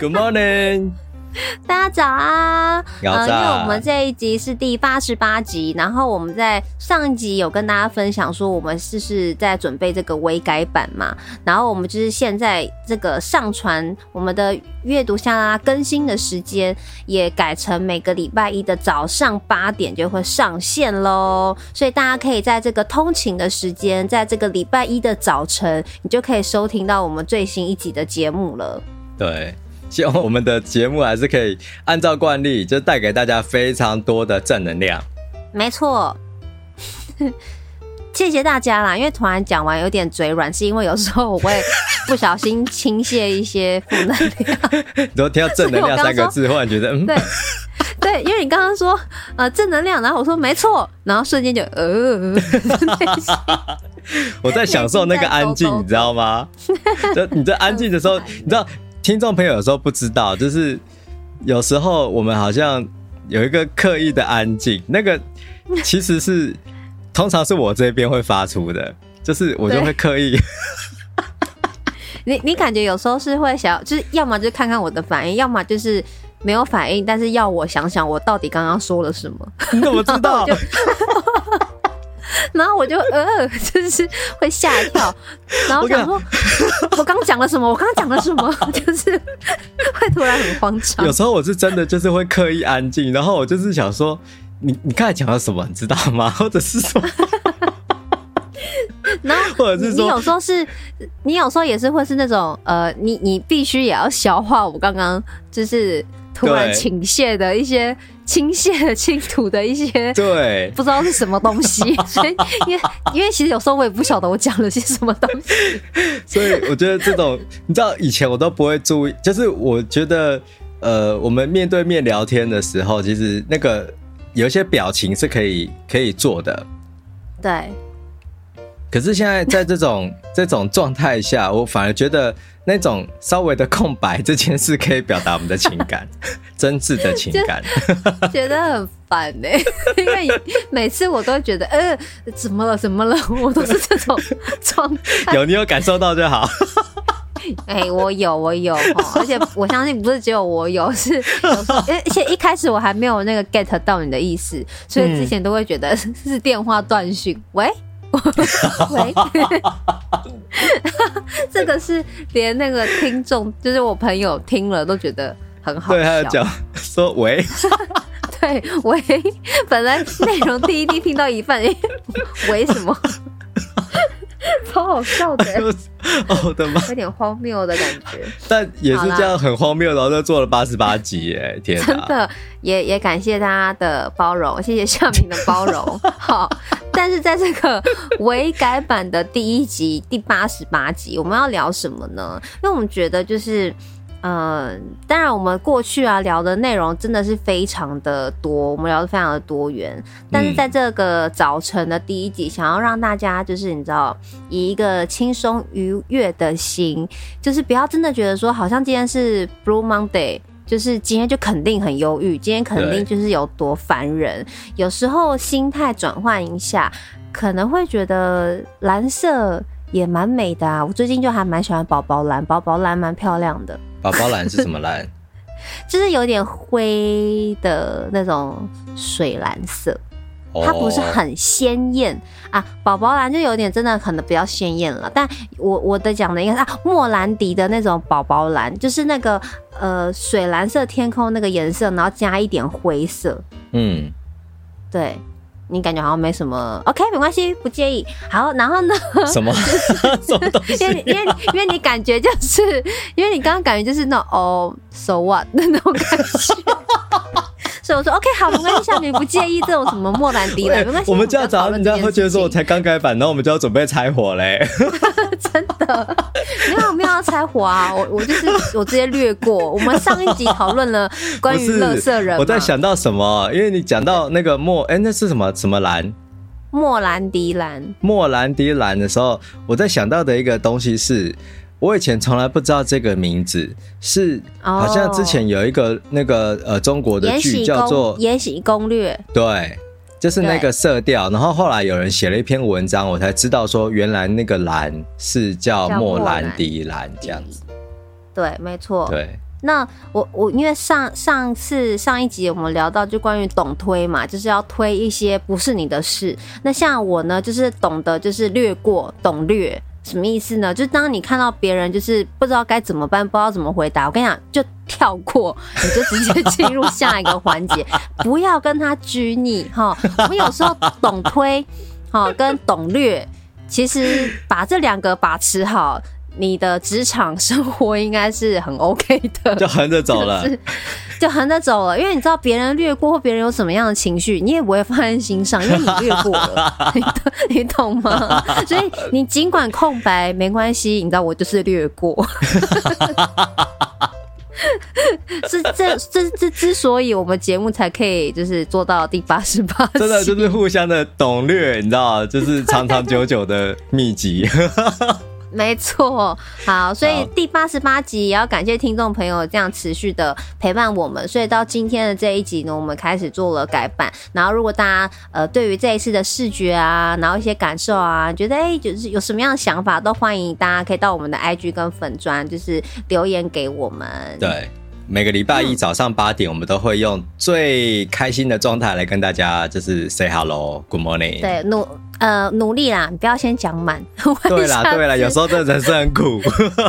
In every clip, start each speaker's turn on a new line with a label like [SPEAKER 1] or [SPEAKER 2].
[SPEAKER 1] Good morning，
[SPEAKER 2] 大家早啊！早、嗯。因為我們這一集是第八十八集，然後我們在上一集有跟大家分享說，我們就是在準備這個微改版嘛。然後我們就是現在這個上傳我們的閱讀夏 LaLa 更新的時間也改成每個禮拜一的早上八點就會上線嘍。所以大家可以在這個通勤的時間，在這個禮拜一的早晨，你就可以收聽到我們最新一集的節目
[SPEAKER 1] 了。對。希望我們的節目還是可以按照慣例，就帶給大家非常多的正能量。
[SPEAKER 2] 沒錯，謝謝大家啦！因為突然講完有點嘴軟，是因為有時候我會不小心傾瀉一些負能
[SPEAKER 1] 量。你說聽到正能量三個字，忽然覺得對
[SPEAKER 2] 對，因為你剛剛說呃，正能量，然後我說沒錯，然後瞬間就呃，
[SPEAKER 1] 我在享受那個安靜，你知道嗎？就你在安靜的時候，你知道。聽眾朋友有時候不知道，就是有時候我們好像有一個刻意的安靜，那個其實是 通常是我這邊會發出的，就是我就會刻意對
[SPEAKER 2] 你。你你感覺有時候是會想要，就是要麼就看看我的反應，要麼就是沒有反應，但是要我想想我到底剛剛說了什麼。你怎麼知道？ 然後我就呃，就是會嚇一跳，然後想說，我剛這講 了什麼？我剛講了什麼？ 就是會突然很慌張。有時
[SPEAKER 1] 候我是真的就是會刻意安靜，然後我就是想說，你你剛才講了什麼？你知道嗎？或者是說，然後或者是說，你有時
[SPEAKER 2] 候是你有時候也是會是那種呃，你你必須也要消化我剛剛就是。突然傾瀉的一些傾瀉的傾吐的一些，對，清清不知道是什麼東西，對 所以因為 因為其實有時候我也不曉得我講了些什麼東西對，
[SPEAKER 1] 所以我覺得這種 你知道，以前我都不會注意，就是我覺得呃，我們面對面聊天的時候，其實那個有一些表情是可以可以做的，
[SPEAKER 2] 對。
[SPEAKER 1] 可是現在在這種 這種狀態下，我反而覺得那種稍微的空白這件事可以表達我們的情感， 真摯的情感，
[SPEAKER 2] 覺得很煩哎、欸， 因為每次我都覺得呃、欸，怎麼了？怎麼了？我都是這種狀態。
[SPEAKER 1] 有你有感受到就好。
[SPEAKER 2] 哎、 欸，我有，我有、哦，而且我相信不是只有我有，是有，而且一開始我還沒有那個 get 到你的意思，所以之前都會覺得是電話斷訊。嗯、餵。 喂， 這個是連那個聽眾，就是我朋友聽了都覺得很好笑。對啊，他
[SPEAKER 1] 講說喂，
[SPEAKER 2] 對喂，本來內容第一滴聽到一半，為、 欸、喂什麼， 超好笑的、欸。 哦，我的媽，有點荒謬的感覺， 但也是這樣
[SPEAKER 1] 很荒謬，然後就做了八十八集，欸，耶，天哪，
[SPEAKER 2] 真的也也感謝大家的包容，謝謝夏民的包容， 好，但是在這個微改版的第一集 第八十八集，我們要聊什麼呢？因為我們覺得就是。嗯，當然，我們過去啊聊的內容真的是非常的多，我們聊的非常的多元。但是在這個早晨的第一集，嗯，想要讓大家就是你知道，以一個輕鬆愉悅的心，就是不要真的覺得說好像今天是 Blue Monday，就是今天就肯定很憂鬱，今天肯定就是有多煩人。對，有時候心態轉換一下，可能會覺得藍色也蠻美的啊。我最近就還蠻喜歡寶寶藍，寶寶藍蠻漂亮
[SPEAKER 1] 的。寶寶藍是什麼藍？
[SPEAKER 2] 就是有點灰的那種水藍色，
[SPEAKER 1] 它不是很
[SPEAKER 2] 鮮豔啊。寶寶藍就有點真的可能比較鮮豔了，但我我的講的應該是，啊，莫蘭迪的那種寶寶藍，就是那個呃水藍色天空那個顏色，然後加一點灰色。嗯，對。你感覺好像沒什麼，OK，沒關係，不介意。好，然後呢？什麼？什麼東西啊、 因為，因為，因為你感覺就是，因為你剛剛感覺就是那種哦、oh,，so what 的那種感覺。 所以我說 OK，好，沒關係，像你不介意這種什麼莫蘭迪的，喂沒關係。我們
[SPEAKER 1] 就要找人家會覺得說，我才剛改版，然後我們就要準備拆夥嘞、欸。 真的。
[SPEAKER 2] 你看，我有要拆夥啊！我 我就是我直接略過。我們上一集討論了關於垃圾人，我在
[SPEAKER 1] 想到什麼？因為你講到那個莫哎、欸，那是什麼什麼藍？
[SPEAKER 2] 莫蘭迪藍。
[SPEAKER 1] 莫蘭迪藍的時候，我在想到的一個東西是，我以前從來不知道這個名字是，好像之前有一個那個呃中國的劇、哦、叫做《
[SPEAKER 2] 延禧攻略》，
[SPEAKER 1] 對。就是那個色調，對然後後來有人寫了一篇文章，我才知道說原來那個藍是叫莫蘭迪藍，對這樣子。
[SPEAKER 2] 對，沒錯。對。那我我因為上上次上一集我們聊到就關於懂推嘛，就是要推一些不是你的事。那像我呢，就是懂得就是略過，懂略。什麼意思呢？就當你看到別人就是不知道該怎麼辦，不知道怎麼回答，我跟你講，就跳過，你就直接進入下一個環節， 不要跟他拘泥哈。我們有時候懂推，哈，跟懂略，其實把這兩個把持好。你的職場生活應該是很 OK 的，就橫着走了，就橫着走了。因為你知道別人略過或別人有什麼樣的情緒，你也不會放在心上，因為你略過了， 你懂嗎？所以你儘管空白沒關係，你知道我就是略過。 是這這這，之所以我們節目才可以就是做到第八十八，
[SPEAKER 1] 真的就是互相的懂略，你知道嗎？就是長長久久的秘籍。
[SPEAKER 2] 沒錯，好，所以第八十八集也要感謝聽眾朋友這樣持續的陪伴我們。所以到今天的這一集呢，我們開始做了改版。然後如果大家呃對於這一次的視覺啊，然後一些感受啊，覺得哎、欸、就是有什麼樣的想法，都歡迎大家可以到我們的 IG 跟粉專，就是留言給我們。對。
[SPEAKER 1] 每個禮拜一早上八點、嗯，我們都會用最開心的狀態來跟大家，就是 say hello，good morning。對，
[SPEAKER 2] 努呃努力啦，你不要先講滿。對啦對啦，
[SPEAKER 1] 有時候這人生很苦。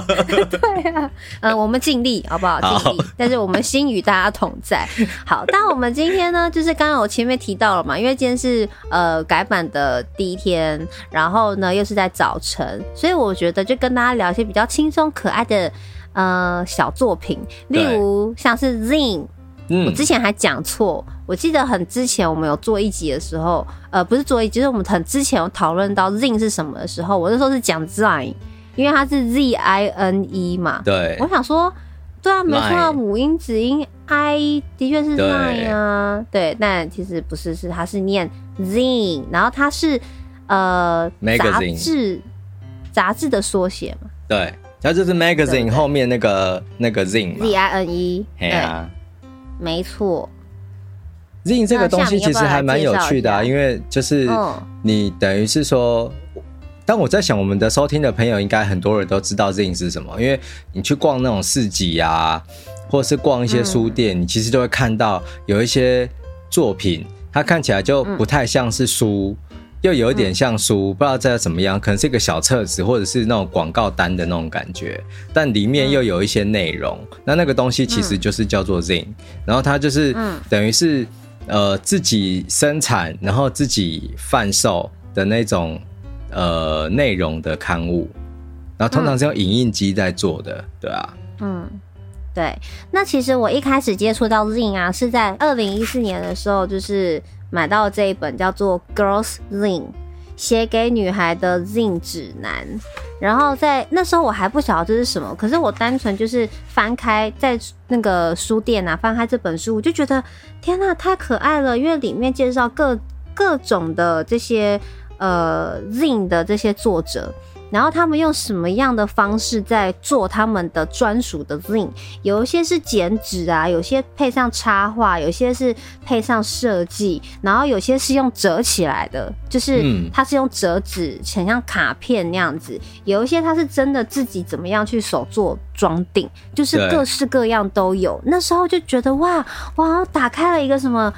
[SPEAKER 1] 對
[SPEAKER 2] 啊，呃，我們盡力，好不好？盡力。好但是我們心與大家同在。好，那我們今天呢，就是剛剛我前面提到了嘛，因為今天是呃改版的第一天，然後呢又是在早晨，所以我覺得就跟大家聊一些比較輕鬆可愛的。呃，小作品，例如對像是 z i n 嗯，我之前還講錯，我記得很之前我們有做一集的時候，呃，不是做一集，就是我們很之前有討論到 z i n 是什麼的時候，我那時候是講 Zine，因為它是 Z I N E 嘛，對，我想說，對啊，沒錯 Like. 啊，母音指音 I 的確是 Zine 啊，對，但其實不是，是它是念 z i n 然後它是呃 Magazine 雜誌，雜誌的縮寫嘛，
[SPEAKER 1] 對。然後就是 magazine 後面那個對對那個 zine，z
[SPEAKER 2] i n e。呀、啊，沒錯
[SPEAKER 1] ，zine 這個東西其實還蠻有趣的啊，要要因為就是你等於是說，哦、但我在想我們的收聽的朋友，應該很多人都知道 zine 是什麼，因為你去逛那種市集啊，或是逛一些書店，嗯、你其實就會看到有一些作品，它看起來就不太像是書。嗯又有一點像書，嗯、不知道在怎麼樣，可能是一個小冊子，或者是那種廣告單的那種感覺，但裡面又有一些內容。嗯、那那個東西其實就是叫做 Zine、嗯、然後它就是、嗯、等於是呃自己生產，然後自己販售的那種呃內容的刊物，然後通常是用影印機在做的，嗯、對啊。嗯，
[SPEAKER 2] 對。那其實我一開始接觸到 Zine 啊，是在二零一四年的時候，就是。買到這一本叫做《Girls' Zine》，寫給女孩的 Zine 指南。然後在那時候我還不曉得這是什麼，可是我單純就是翻開在那個書店啊，翻開這本書，我就覺得天吶，啊，太可愛了，因為裡面介紹各各種的這些呃 Zine 的這些作者。然後他們用什麼樣的方式在做他們的專屬的 zine，有一些是剪紙啊，有些配上插畫，有些是配上設計，然後有些是用折起來的，就是它是用折紙，很、嗯、像卡片那樣子。有一些它是真的自己怎麼樣去手做裝訂，就是各式各樣都有。對那時候就覺得哇哇，我好像打開了一個什麼，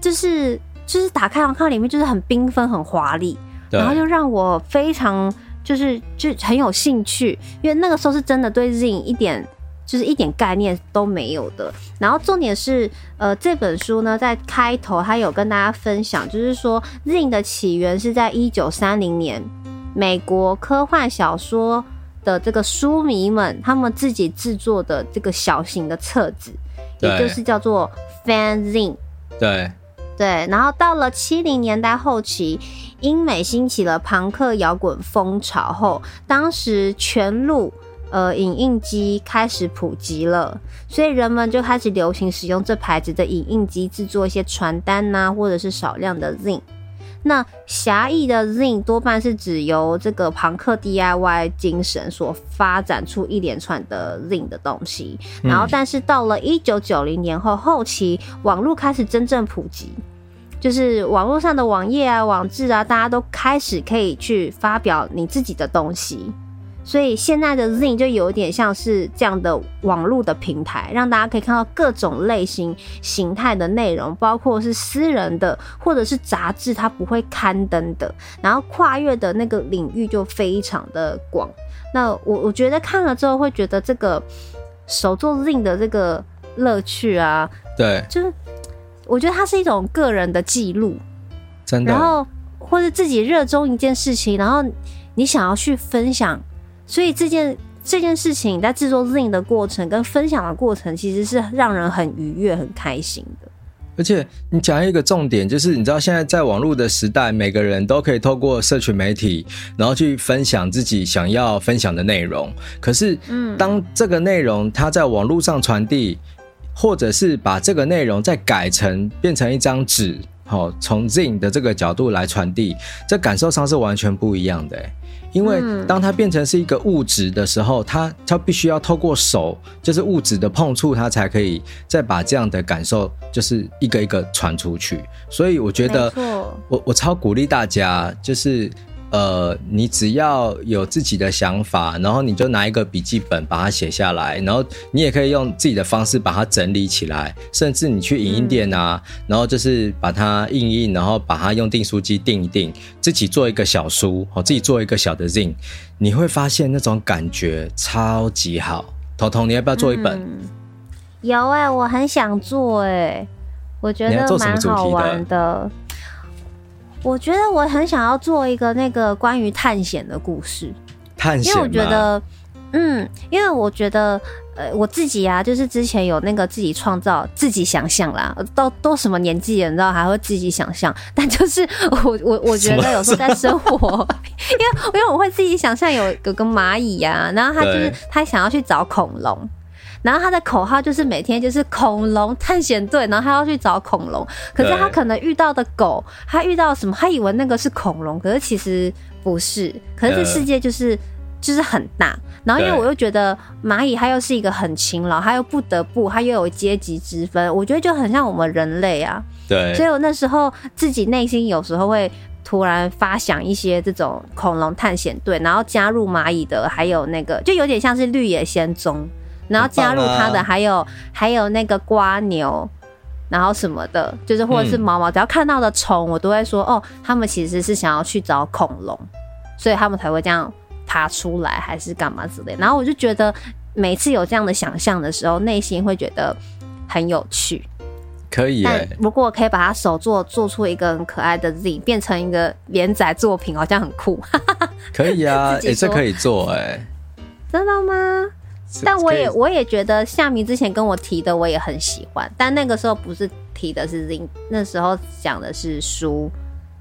[SPEAKER 2] 就是就是打開啊，然後看裡面就是很繽紛、很華麗，對然後就讓我非常。就是就很有興趣，因為那個時候是真的對 Zine 一點就是一點概念都沒有的。然後重點是，呃，這本書呢在開頭他有跟大家分享，就是說 Zine 的起源是在一九三零年，美國科幻小說的這個書迷們他們自己制作的這個小型的冊子，
[SPEAKER 1] 對也就是
[SPEAKER 2] 叫做 Fan Zine 對。對，然後到了七零年代後期，英美興起了龐克搖滾風潮後，當時全錄呃影印機開始普及了，所以人們就開始流行使用這牌子的影印機制作一些傳單吶、啊，或者是少量的 zin。那狹義的 Zine 多半是指由這個朋克 DIY 精神所發展出一連串的 Zine 的東西，嗯、然後但是到了一九九零年後後期，網絡開始真正普及，就是網絡上的網頁啊、網志啊，大家都開始可以去發表你自己的東西。所以現在的 zine 就有點像是這樣的網絡的平台，讓大家可以看到各種類型、形態的內容，包括是私人的，或者是雜誌它不會刊登的。然後跨越的那個領域就非常的廣。那我我覺得看了之後會覺得這個手作 zine 的這個樂趣啊，對，就是我覺得它是一種個人的記錄，
[SPEAKER 1] 真的。然後
[SPEAKER 2] 或者自己熱衷一件事情，然後你想要去分享。所以這件這件事情在製作自 i 的過程跟分享的過程，其實是讓人很愉悅很開心的。
[SPEAKER 1] 而且你講一個重點，就是你知道現在在網絡的時代，每個人都可以透過社群媒體，然後去分享自己想要分享的內容。可是，當這個內容它在網絡上傳遞，或者是把這個內容再改成變成一張紙。好，從 zine 的這個角度來傳遞，這感受上是完全不一樣的欸。因為當它變成是一個物質的時候，它它必須要透過手，就是物質的碰觸，它才可以再把這樣的感受，就是一個一個傳出去。所以我覺得我，我我超鼓勵大家，就是。呃，你只要有自己的想法，然後你就拿一個筆記本把它寫下來，然後你也可以用自己的方式把它整理起來，甚至你去影印店啊，嗯、然後就是把它印印，然後把它用訂書機訂一訂，自己做一個小書，哦，自己做一個小的 zine，你會發現那種感覺超級好。童童，你要不要做一本？嗯、
[SPEAKER 2] 有哎、欸，我很想做哎、欸，我覺得蠻好玩的。我覺得我很想要做一個那個關於探險的故事，
[SPEAKER 1] 探險。因為我覺得，
[SPEAKER 2] 嗯，因為我覺得，呃，我自己啊，就是之前有那個自己創造、自己想象啦。都都什麼年紀，你知道，還會自己想象但就是我我我覺得有時候在生活，因為因為我會自己想象有有個螞蟻呀，然後他就是他對想要去找恐龍。然後他的口號就是每天就是恐龍探險隊，然後他要去找恐龍。可是他可能遇到的狗，他遇到什麼，他以為那個是恐龍，可是其實不是。可是這世界就是、呃、就是很大。然後因為我又覺得螞蟻，它又是一個很勤勞，它又不得不，它又有階級之分。我覺得就很像我們人類啊。對。所以我那時候自己內心有時候會突然發想一些這種恐龍探險隊，然後加入螞蟻的，還有那個就有點像是《綠野仙蹤》。然後加入他的還有還有那個蝸牛，然後什麼的，就是或者是毛毛，嗯、只要看到的蟲，我都會說哦，他們其實是想要去找恐龍，所以他們才會這樣爬出來還是幹嘛之類的。然後我就覺得每次有這樣的想象的時候，內心會覺得很有趣。
[SPEAKER 1] 可以哎，
[SPEAKER 2] 如果可以把它手做做出一個很可愛的 Z，變成一個連載作品，好像很酷。
[SPEAKER 1] 可以啊，也是、欸、可以做哎、欸。
[SPEAKER 2] 真的嗎？但我也，我也覺得夏民之前跟我提的，我也很喜歡。但那個時候不是提的是 zine，那時候講的是書。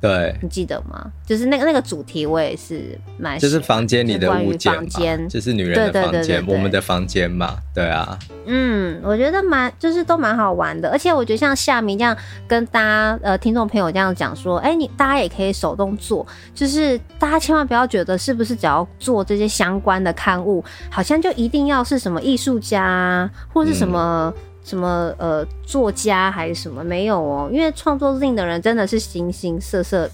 [SPEAKER 2] 對，你記得嗎？就是那個那個主題，我也是蠻喜歡，就是房
[SPEAKER 1] 間裡的物件，房間就是女人的房間，我們的房間嘛，對啊。
[SPEAKER 2] 嗯，我覺得蠻就是都蠻好玩的，而且我覺得像夏民這樣跟大家呃聽眾朋友這樣講說，哎、欸，你大家也可以手動做，就是大家千萬不要覺得是不是只要做這些相關的刊物，好像就一定要是什麼藝術家或是什麼。嗯什麼呃，作家還是什麼沒有哦？因為創作 zine 的人真的是形形色色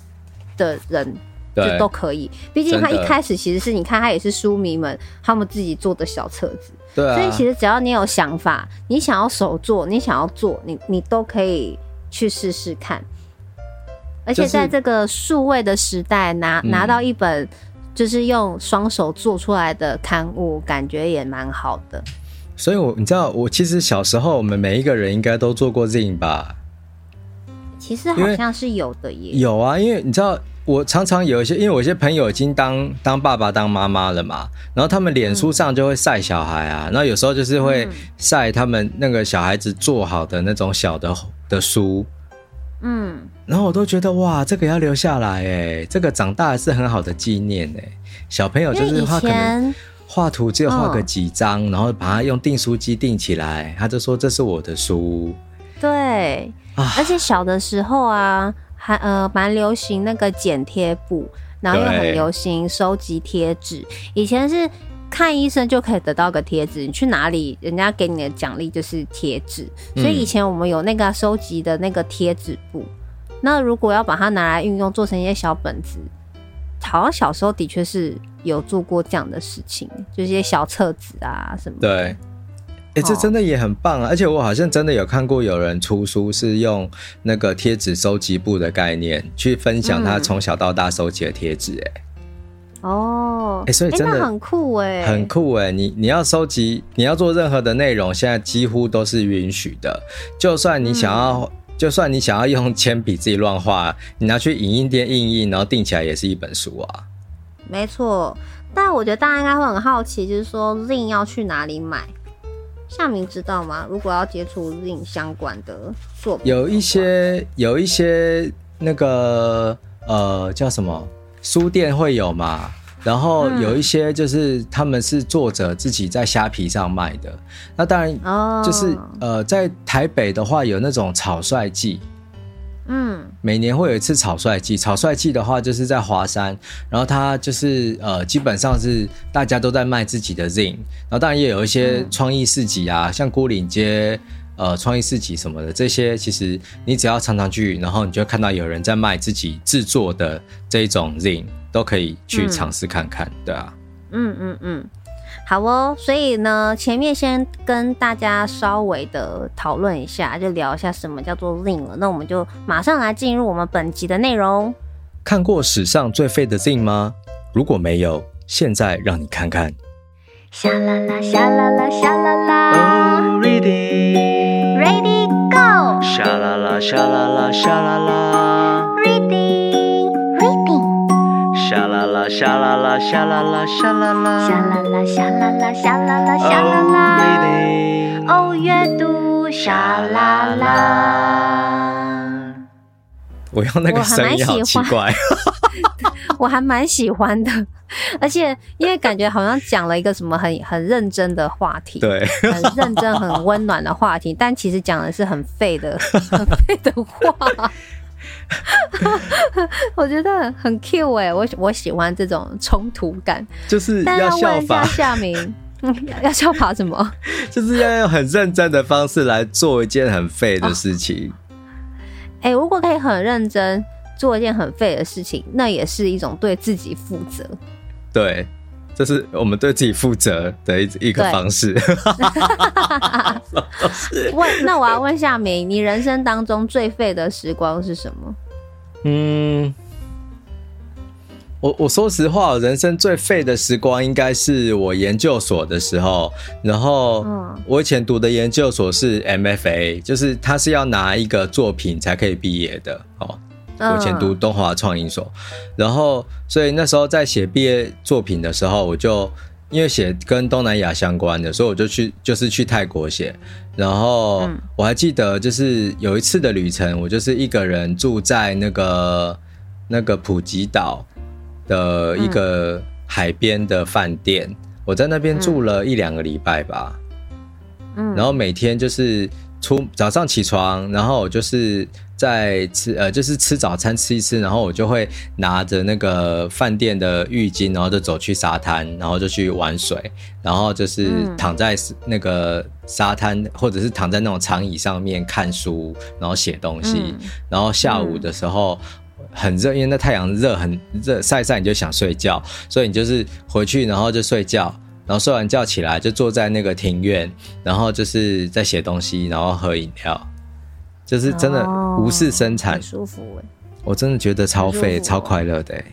[SPEAKER 2] 的人，
[SPEAKER 1] 對就都可
[SPEAKER 2] 以。畢竟他一開始其實是，的你看他也是書迷們他們自己做的小冊子，
[SPEAKER 1] 啊、所以其實
[SPEAKER 2] 只要你有想法，你想要手做，你想要做，你你都可以去試試看。而且在這個數位的時代拿，拿、就是、拿到一本就是用雙手做出來的刊物，嗯、感覺也蠻好的。
[SPEAKER 1] 所以我，我你知道，我其實小時候，我們每一個人應該都做過 zine 吧？其
[SPEAKER 2] 實好像是有的耶。
[SPEAKER 1] 有啊，因為你知道，我常常有一些，因為我一些朋友已經當當爸爸、當媽媽了嘛，然後他們臉書上就會曬小孩啊，嗯、然後有時候就是會曬他們那個小孩子做好的那種小的的書，嗯，然後我都覺得哇，這個要留下來誒、欸，這個長大是很好的紀念誒、欸。小朋友就是他可能。畫圖只有畫個幾張，嗯、然後把它用訂書機訂起來，他就說，這是我的書。
[SPEAKER 2] 對、啊、而且小的時候啊，還呃蠻流行那個剪貼簿，然後又很流行收集貼紙。對以前是看醫生就可以得到個貼紙，你去哪裡人家給你的獎勵就是貼紙，所以以前我們有那個收集的那個貼紙簿，嗯、那如果要把它拿來運用，做成一些小本子。好像小時候的確是有做過這樣的事情，就是一些小冊子啊什麼的。
[SPEAKER 1] 對，哎、欸，這真的也很棒啊！哦、而且我好像真的有看過有人出書，是用那個貼紙收集簿的概念去分享他從小到大收集的貼紙、欸。哎、嗯，
[SPEAKER 2] 哦，哎、欸，所以真的、欸、很酷哎、欸，很
[SPEAKER 1] 酷哎、欸！你你要收集，你要做任何的內容，現在幾乎都是允許的，就算你想要。.就算你想要用鉛筆自己亂畫，你拿去影印店印印，然後訂起來也是一本書啊。
[SPEAKER 2] 沒錯，但我覺得大家應該會很好奇，就是說 zine 要去哪裡買？夏民知道嗎？如果要接觸 zine 相關的作品
[SPEAKER 1] 的，有一些，有一些那個呃叫什麼書店會有嗎？然後有一些就是他們是作者自己在蝦皮上賣的，那當
[SPEAKER 2] 然就是
[SPEAKER 1] 呃，在台北的話有那種草率季，嗯，每年會有一次草率季，草率季的話就是在華山，然後它就是呃，基本上是大家都在賣自己的 zine，然後當然也有一些創意市集啊，像牯嶺街。呃，創意市集什麼的，這些其實你只要常常去，然後你就會看到有人在賣自己制作的這一種 zine 都可以去嘗試看看，嗯、對啊。嗯嗯
[SPEAKER 2] 嗯，好哦。所以呢，前面先跟大家稍微的討論一下，就聊一下什麼叫做 zine 了。那我們就馬上來進入我們本集的內容。
[SPEAKER 1] 看過史上最廢的 zine 嗎？如果沒有，現在讓你看看。夏啦啦，夏啦啦，啦啦。沙啦啦沙啦啦沙啦啦，reading reading，沙啦啦沙啦啦沙啦啦沙啦啦，
[SPEAKER 2] 沙啦啦沙啦啦沙啦啦沙啦啦，哦 reading，哦閱讀沙啦啦，
[SPEAKER 1] 我還蠻喜歡，音好奇怪，
[SPEAKER 2] 我還蠻喜歡的。而且，因為感覺好像講了一個什麼很很認真的話題，
[SPEAKER 1] 對， 很
[SPEAKER 2] 認真、很溫暖的話題，但其實講的是很廢的、很廢的話。 我覺得很 Q。哎，我我喜歡這種衝突感，就
[SPEAKER 1] 是要效仿夏
[SPEAKER 2] 民、嗯，要效仿什麼？
[SPEAKER 1] 就是要用很認真的方式來做一件很廢的事情。
[SPEAKER 2] 哎、哦欸，如果可以很認真做一件很廢的事情，那也是一種對自己負責。
[SPEAKER 1] 對，這是我們對自己負責的一一個方式。對 都是 問，那我
[SPEAKER 2] 要問夏民，你人生當中最廢的時光是什麼？嗯，
[SPEAKER 1] 我我說實話，人生最廢的時光應該是我研究所的時候。然後，我以前讀的研究所是 MFA，就是他是要拿一個作品才可以畢業的。哦我以前讀東華創英所，uh, 然後所以那時候在寫畢業作品的時候，我就因為寫跟東南亞相關的，所以我就去就是去泰國寫。然後我還記得就是有一次的旅程，我就是一個人住在那個那個普吉島的一個海邊的飯店，uh, 我在那邊住了一兩個禮拜吧。Uh, uh, 然後每天就是。出早上起床，然後我就是在吃呃，就是吃早餐吃一吃，然後我就會拿着那個飯店的浴巾，然後就走去沙灘，然後就去玩水，然後就是躺在那個沙灘，嗯、或者是躺在那種長椅上面看書，然後寫東西，嗯、然後下午的時候很熱，嗯、因為那太陽熱，很熱，曬一曬你就想睡覺，所以你就是回去，然後就睡覺。然後睡完覺起來，就坐在那個庭院，然後就是在寫東西，然後喝飲料，就是真的無事生產，哦、舒服哎！我真的覺得超廢、哦、超快樂的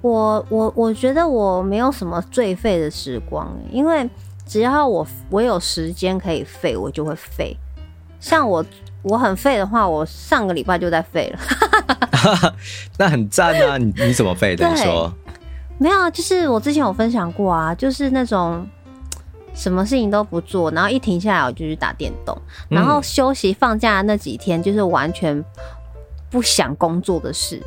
[SPEAKER 2] 我。我我我覺得我沒有什麼最廢的時光，因為只要我我有時間可以廢，我就會廢。像我我很廢的話，我上個禮拜就在廢
[SPEAKER 1] 了。 那很讚啊！你你怎麼廢的？ 對你說。
[SPEAKER 2] 沒有啊，就是我之前有分享過啊，就是那種什麼事情都不做，然後一停下來我就去打電動，然後休息放假那幾天就是完全不想工作的事，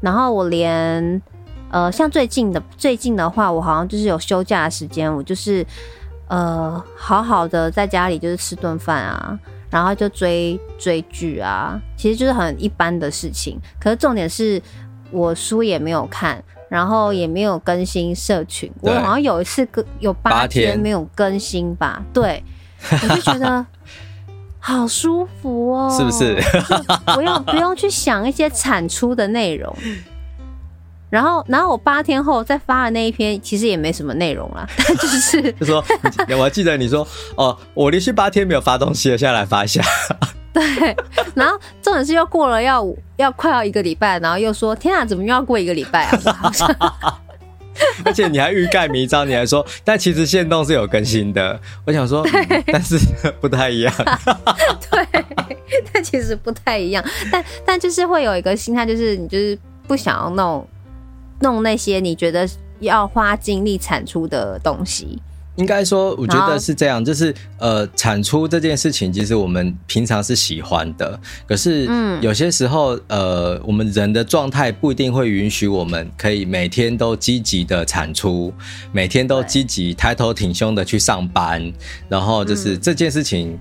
[SPEAKER 2] 然後我連呃，像最近的最近的話，我好像就是有休假的時間，我就是呃好好的在家裡就是吃頓飯啊，然後就追追劇啊，其實就是很一般的事情，可是重點是我書也沒有看。然後也沒有更新社群，對我好像有一次有八天沒有更新吧？天對，我就覺得 好舒服哦、喔，是不是？不用不用去想一些產出的內容 然，然後然後我八天後再發的那一篇，其實也沒什麼內容了，但就
[SPEAKER 1] 是就說， 我還記得你說哦，我連續八天沒有發東西了，現在來發一下。
[SPEAKER 2] 對，然後這件事又過了要，要要快要一個禮拜，然後又說：“天啊，怎麼又要過一個禮拜啊？”
[SPEAKER 1] 而且你還欲蓋彌彰，你還說：“ 但其實限動是有更新的。”我想說，對但是不太一樣。
[SPEAKER 2] 對，但其實不太一樣。但但就是會有一個心態，就是你就是不想要弄弄那些你覺得要花精力產出的東西。
[SPEAKER 1] 應該說，我覺得是這樣，啊、就是呃，產出這件事情，其實我們平常是喜歡的，可是有些時候，嗯、呃，我們人的狀態不一定會允許我們可以每天都積極的產出，每天都積極抬頭挺胸的去上班，對然後就是這件事情。嗯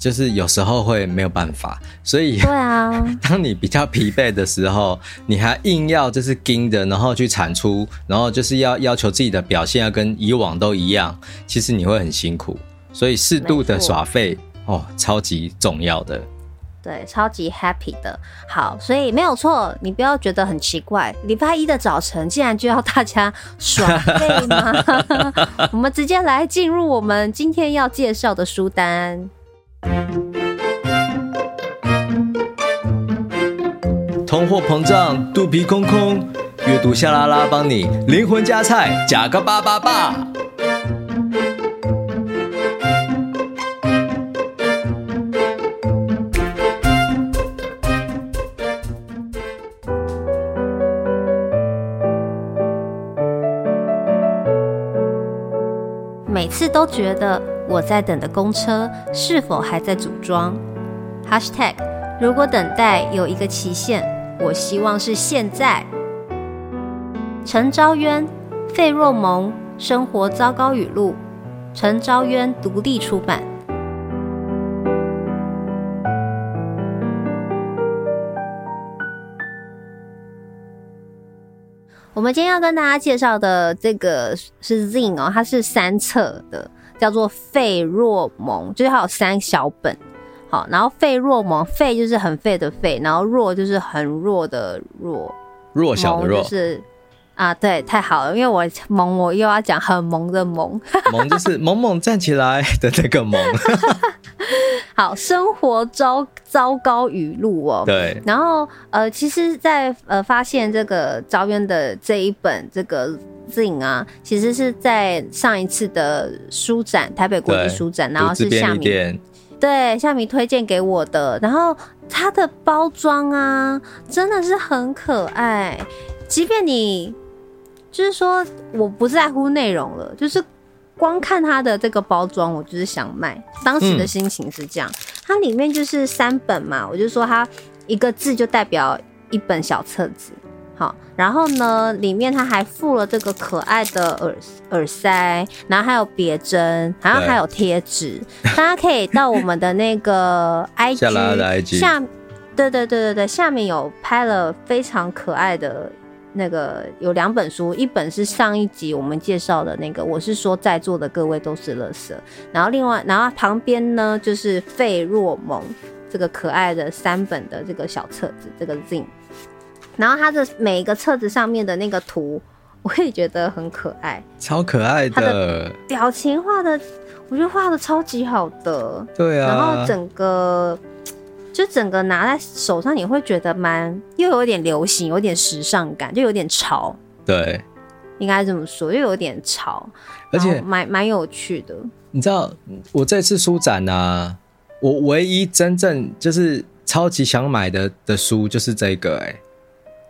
[SPEAKER 1] 就是有時候會沒有辦法，所以對啊，當你比較疲憊的時候，你還硬要就是盯的，然後去產出，然後就是要要求自己的表現要跟以往都一樣，其實你會很辛苦。所以適度的耍廢錯哦，超級重要的，
[SPEAKER 2] 對，超級 happy 的。好，所以沒有錯，你不要覺得很奇怪。禮拜一的早晨，竟然就要大家耍
[SPEAKER 1] 廢嗎？
[SPEAKER 2] 我們直接來進入我們今天要介紹的書單。
[SPEAKER 1] 通貨膨脹，肚皮空空，閱讀夏拉拉幫你靈魂加菜，加個巴巴爸。
[SPEAKER 2] 每次都覺得。我在等的公車是否還在組裝？Hashtag, 如果等待有一個期限，我希望是現在。陳昭淵、廢弱萌《生活糟糕語錄》，陳昭淵獨立出版。 我們今天要跟大家介紹的這個是 zine 哦，它是三冊的。叫做廢弱萌，就是它有三小本，好，然後廢弱萌，廢就是很廢的廢，然後弱就是很弱的弱，
[SPEAKER 1] 弱小的弱，就是
[SPEAKER 2] 啊，對，太好了，因為我萌，我又要講很萌的萌，
[SPEAKER 1] 萌就是萌萌站起來的那個萌。
[SPEAKER 2] 好，生活糟糟糕語錄哦。對。然後，呃，其實在，在呃發現這個昭淵的這一本這個 zine 啊，其實是在上一次的書展，台北國際書展，對然後是夏民，對，夏民推薦給我的。然後它的包裝啊，真的是很可愛。即便你就是說我不在乎內容了，就是。光看它的這個包裝，我就是想買。當時的心情是這樣，嗯、它裡面就是三本嘛，我就說它一個字就代表一本小冊子。好，然後呢，裡面它還附了這個可愛的耳耳塞，然後還有別針，好像還有貼紙。啊、大家可以到我們的那個 IG 下、下，對對對對對，下面有拍了非常可愛的。那個有兩本書，一本是上一集我們介紹的那個，我是說在座的各位都是垃圾。然後另外，然後旁邊呢就是廢弱萌這個可愛的三本的這個小冊子，這個 Zine 然後它的每一個冊子上面的那個圖，我也覺得很可愛，
[SPEAKER 1] 超可愛的。它
[SPEAKER 2] 的表情畫的，我覺得畫的超級好的。
[SPEAKER 1] 對啊。然後整
[SPEAKER 2] 個。就整個拿在手上，你會覺得蠻又有點流行，有點時尚感，就有點潮。對，應該這麼說，又有點潮，而且蠻蠻有趣的。你
[SPEAKER 1] 知道，我這次書展呢、啊，我唯一真正就是超級想買的的書就是這個、欸，
[SPEAKER 2] 哎。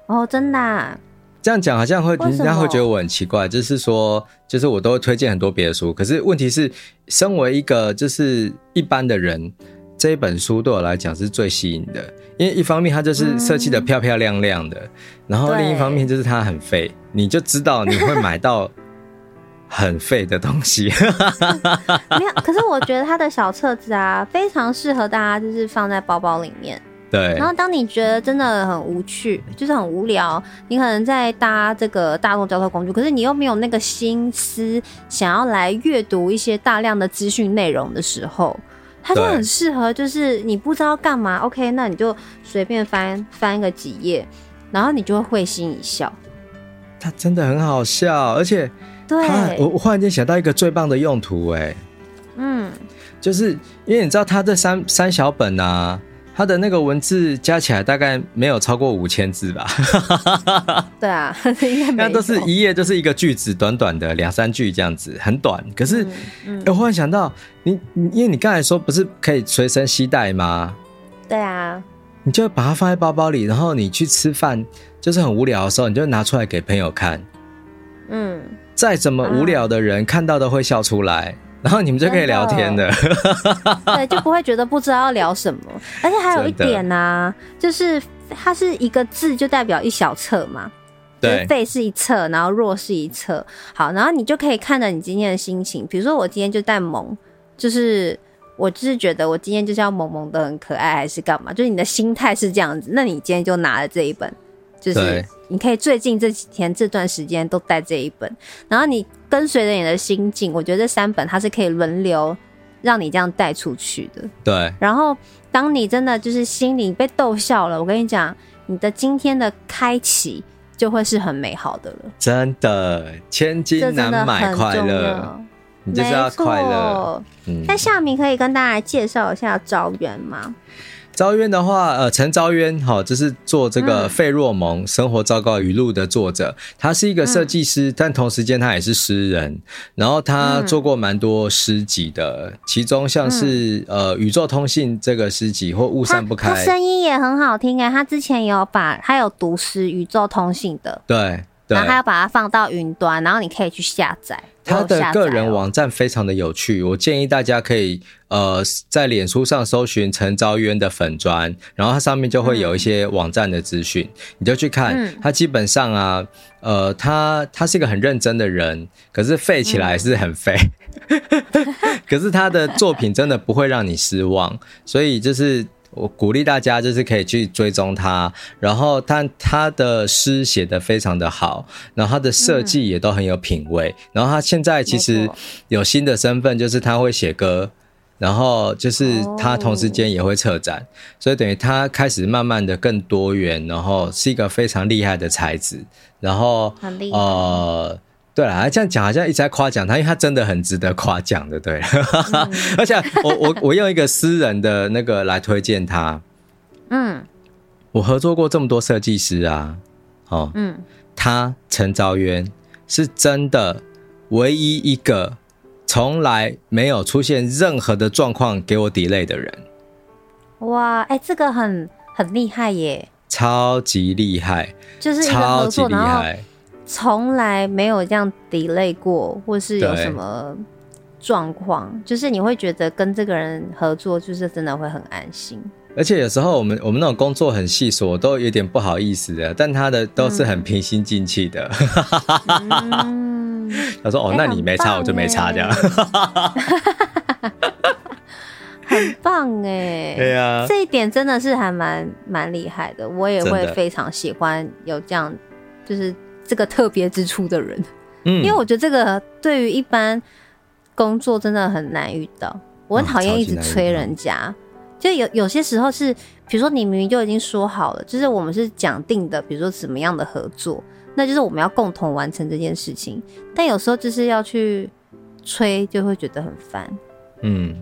[SPEAKER 2] 哦，真的、啊。
[SPEAKER 1] 這樣講好像會人家會覺得我很奇怪，就是說，就是我都推薦很多別的書，可是問題是，身為一個就是一般的人。這一本書對我來講是最吸引的，因為一方面它就是設計的漂漂亮亮的，嗯、然後另一方面就是它很廢，對你就知道你會買到很廢的東西。
[SPEAKER 2] 沒有，可是我覺得它的小冊子啊，非常適合大家就是放在包包裡面。對。然後當你覺得真的很無趣，就是很無聊，你可能在搭這個大眾交通工具，可是你又沒有那個心思想要來閱讀一些大量的資訊內容的時候，他就很適合，就是你不知道幹嘛對，OK，那你就隨便翻翻個幾頁，然後你就會會心一笑。
[SPEAKER 1] 他真的很好笑，而且他對我我忽然間想到一個最棒的用途，欸，哎，嗯，就是因為你知道他這三三小本呢，啊。他的那個文字加起來大概沒有超過五千字吧？
[SPEAKER 2] 對啊，應該沒有。那都是一
[SPEAKER 1] 頁就是一個句子，短短的兩三句這樣子，很短。可是，嗯嗯欸，我忽然想到你，因為你剛才說不是可以隨身攜帶嗎？對啊，你就把它放在包包裡，然後你去吃飯，就是很無聊的時候，你就拿出來給朋友看。
[SPEAKER 2] 嗯，
[SPEAKER 1] 再怎麼無聊的人看到都會笑出來。嗯嗯然後你們就可以聊天的，
[SPEAKER 2] 對，就不會覺得不知道要聊什麼。而且還有一點啊，的就是它是一個字就代表一小冊嘛，對，廢是，是一冊，然後弱是一冊。好，然後你就可以看着你今天的心情，比如說我今天就帶萌，就是我就是覺得我今天就是要萌萌的很可愛，還是幹嘛？就是你的心態是這樣子，那你今天就拿了這一本，就是你可以最近這幾天這段時間都帶這一本，然後你。跟隨着你的心境，我覺得這三本它是可以輪流讓你這樣帶出去的。對，然後當你真的就是心裡被逗笑了，我跟你講，你的今天的開啟就會是很美好的了。
[SPEAKER 1] 真的，千金難買快樂，你就是要快樂。
[SPEAKER 2] 那夏民可以跟大家介紹一下 zine 嗎？
[SPEAKER 1] 昭淵的話，呃，陳昭淵，好、哦，這、就是做這個《廢弱萌、嗯、生活糟糕語錄》的作者，他是一個設計師，嗯、但同時間他也是詩人，然後他做過蠻多詩集的，嗯、其中像是、嗯、呃《宇宙通信》這個詩集或《霧散不開》，他聲
[SPEAKER 2] 音也很好聽誒、欸，他之前有把他有讀詩《宇宙通信》的，
[SPEAKER 1] 對。對然後他要
[SPEAKER 2] 把它放到雲端，然後你可以去下載他的
[SPEAKER 1] 個人網站，非常的有趣。哦、我建議大家可以呃，在臉書上搜尋陳昭淵的粉專，然後他上面就會有一些網站的資訊，嗯、你就去看。他基本上啊，呃，他他，他是一個很認真的人，可是廢起來是很廢，嗯、 可是他的作品真的不會讓你失望，所以就是。我鼓勵大家，就是可以去追蹤他。然後，但他的詩寫得非常的好，然後他的設計也都很有品味。嗯、然後，他現在其實有新的身份，就是他會寫歌，沒錯。然後就是他同時間也會策展，哦、所以等於他開始慢慢的更多元，然後是一個非常厲害的才子。然後，很厲害。呃對啦，這樣講好像一直在誇獎他，因為他真的很值得誇獎的。對，嗯、 而且我我我用一個私人的那個來推薦他。
[SPEAKER 2] 嗯，
[SPEAKER 1] 我合作過這麼多設計師啊，哦，嗯，他陳昭淵是真的唯一一個從來沒有出現任何的狀況給我 delay 的人。
[SPEAKER 2] 哇，哎、欸，這個很很厲害耶，
[SPEAKER 1] 超級厲害，就是超級厲害。
[SPEAKER 2] 從來沒有這樣 delay 過，或是有什麼狀況，對就是你會覺得跟這個人合作，就是真的會很安心。
[SPEAKER 1] 而且有時候我們我們那種工作很細瑣，都有點不好意思的，但他的都是很平心靜氣的。他說：“哦，那你沒差，我就沒差，這樣。
[SPEAKER 2] 欸”很棒哎，對呀，這一點真的是還蠻蠻厲害的，我也會非常喜歡有這樣，就是。這個特別之處的人，嗯，因為我覺得這個對於一般工作真的很難遇到。啊、我很討厭一直催人家，就有有些時候是，比如說你明明就已經說好了，就是我們是講定的，比如說怎麼樣的合作，那就是我們要共同完成這件事情。但有時候就是要去催，就會覺得很煩，嗯，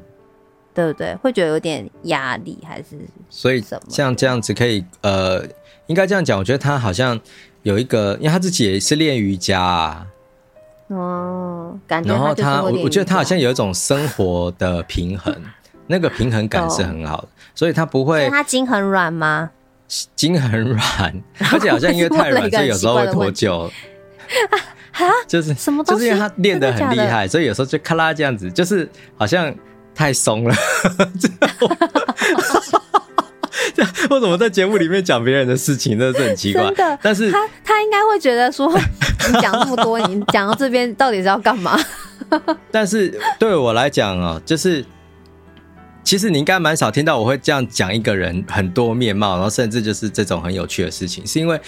[SPEAKER 2] 對不對？會覺得有點壓力，還是
[SPEAKER 1] 所以怎麼像這樣子可以，呃，應該這樣講，我覺得他好像。有一個，因為他自己也是練瑜伽，啊
[SPEAKER 2] oh, 瑜伽，哦，然後他我我覺得他好
[SPEAKER 1] 像有一種生活的平衡， 那個平衡感是很好的，oh. 所以他不會。他
[SPEAKER 2] 筋很軟嗎？
[SPEAKER 1] 筋很軟，而且好像因為太軟，所以有時候會脫臼。 啊？哈就是什麼、啊？就是因為他練得很厲害，的的所以有時候就咔啦這樣子，就是好像太鬆了。 我怎 麼在節目裡面講別人的事情，真的是很奇怪？的但是
[SPEAKER 2] 他他應該會覺得說，你講這麼多， 你講到這邊到底是要幹嘛？
[SPEAKER 1] 但是對我來講啊、喔，就是其實你應該蠻少聽到我會這樣講一個人很多面貌，然後甚至就是這種很有趣的事情，是因為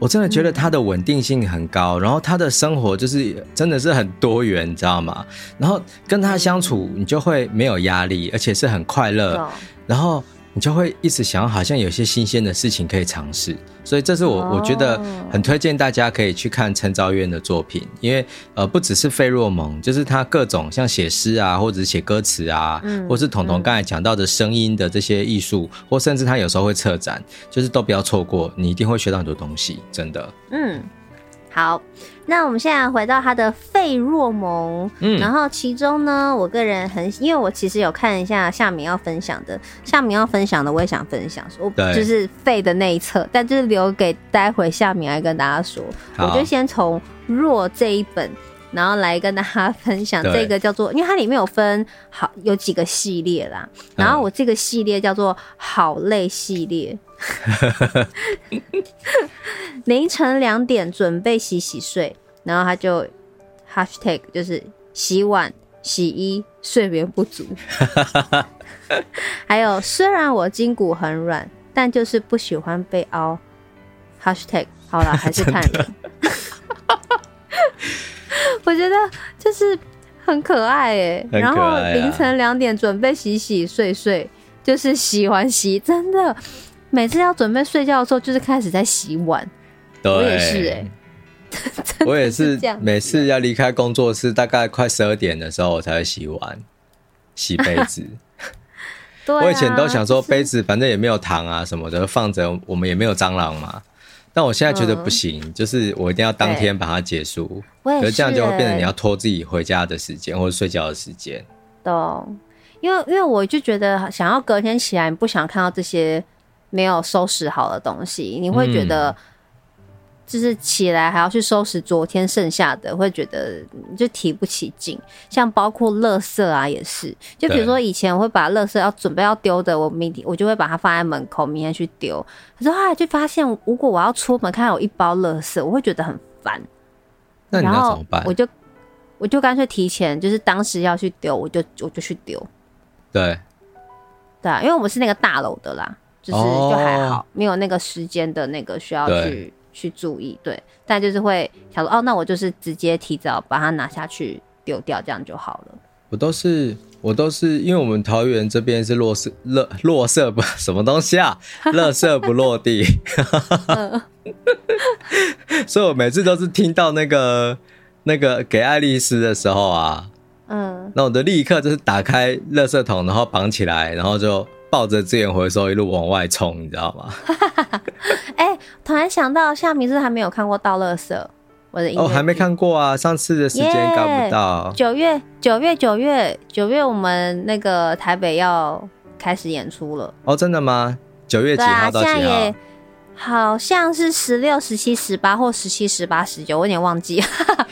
[SPEAKER 1] 我真的覺得他的穩定性很高，嗯、然後他的生活就是真的是很多元，你知道嗎？然後跟他相處，你就會沒有壓力，嗯、而且是很快樂，嗯、然後。你就會一直想，好像有些新鮮的事情可以嘗試，所以這是我、oh. 我覺得很推薦大家可以去看陳昭淵的作品，因為呃不只是廢弱萌，就是他各種像寫詩啊，或者是寫歌詞啊，嗯、或是彤彤剛才講到的聲音的這些藝術，嗯、或甚至他有時候會策展，就是都不要錯過，你一定會學到很多東西，真的。
[SPEAKER 2] 嗯。好，那我們現在回到他的《廢弱萌》，嗯，然後其中呢，我個人很，因為我其實有看一下夏民要分享的，夏民要分享的，我也想分享，所我就是廢的那一冊，對但就是留給待會夏民來跟大家說，好我就先從弱這一本，然後來跟大家分享對這個叫做，因為它裡面有分好有幾個系列啦，然後我這個系列叫做好累系列。 凌晨兩點準備洗洗睡，然後他就 hashtag 就是洗碗、洗衣、睡眠不足。 還有，雖然我筋骨很軟，但就是不喜歡被凹。hashtag 好了，還是看。的 我覺得就是很可愛欸，很可愛啊、然後凌晨兩點準備洗洗,洗睡睡，就是喜歡洗，真的。每次要準備睡覺的時候，就是開始在洗碗。
[SPEAKER 1] 對我也是哎，
[SPEAKER 2] 欸，
[SPEAKER 1] 是我也是這樣。每次要離開工作室，大概快十二點的時候，我才會洗碗、洗杯子。 對啊、我以前都想說，杯子反正也沒有糖啊什麼的，是放着我們也沒有蟑螂嘛。但我現在覺得不行，嗯、就是我一定要當天對把它結束，因為、欸、這樣就會變成你要拖自己回家的時間或者睡覺的時間。
[SPEAKER 2] 懂，因為因為我就覺得想要隔天起來，你不想看到這些。沒有收拾好的東西，你會覺得就是起來還要去收拾昨天剩下的，嗯，會覺得就提不起勁。像包括垃圾啊，也是。就比如說以前我會把垃圾要準備要丟的，我明天我就會把它放在門口，明天去丟。可是後來就發現，如果我要出門看到有一包垃圾，我會覺得很煩。那你要怎麼辦？然後我就我就乾脆提前，就是當時要去丟，我就我就去丟。對對啊，因為我們是那個大樓的啦。就是就還好，oh, 沒有那個時間的那個需要去對去注意，對。但就是會想說，哦，那我就是直接提早把它拿下去丟掉，這樣就好了。
[SPEAKER 1] 我都是我都是，因為我們桃園這邊是落色、落落色不什麼東西啊，落色不落地，所以我每次都是聽到那個那個給愛麗絲的時候啊，嗯，那我就立刻就是打開垃圾桶，然後綁起來，然後就。抱着資源回收一路往外衝，你知道嗎？哎
[SPEAKER 2] 欸，突然想到夏民是還沒有看過倒垃圾，我的哦，還沒
[SPEAKER 1] 看過啊，上次的時間趕不到。九
[SPEAKER 2] 月九月九月九月，月月月我們那個台北要開始演出了
[SPEAKER 1] 哦，真的嗎？九月幾號到幾號？啊、現
[SPEAKER 2] 在也好像是十六、十七、十八，或十七、十八、十九，我有點忘記。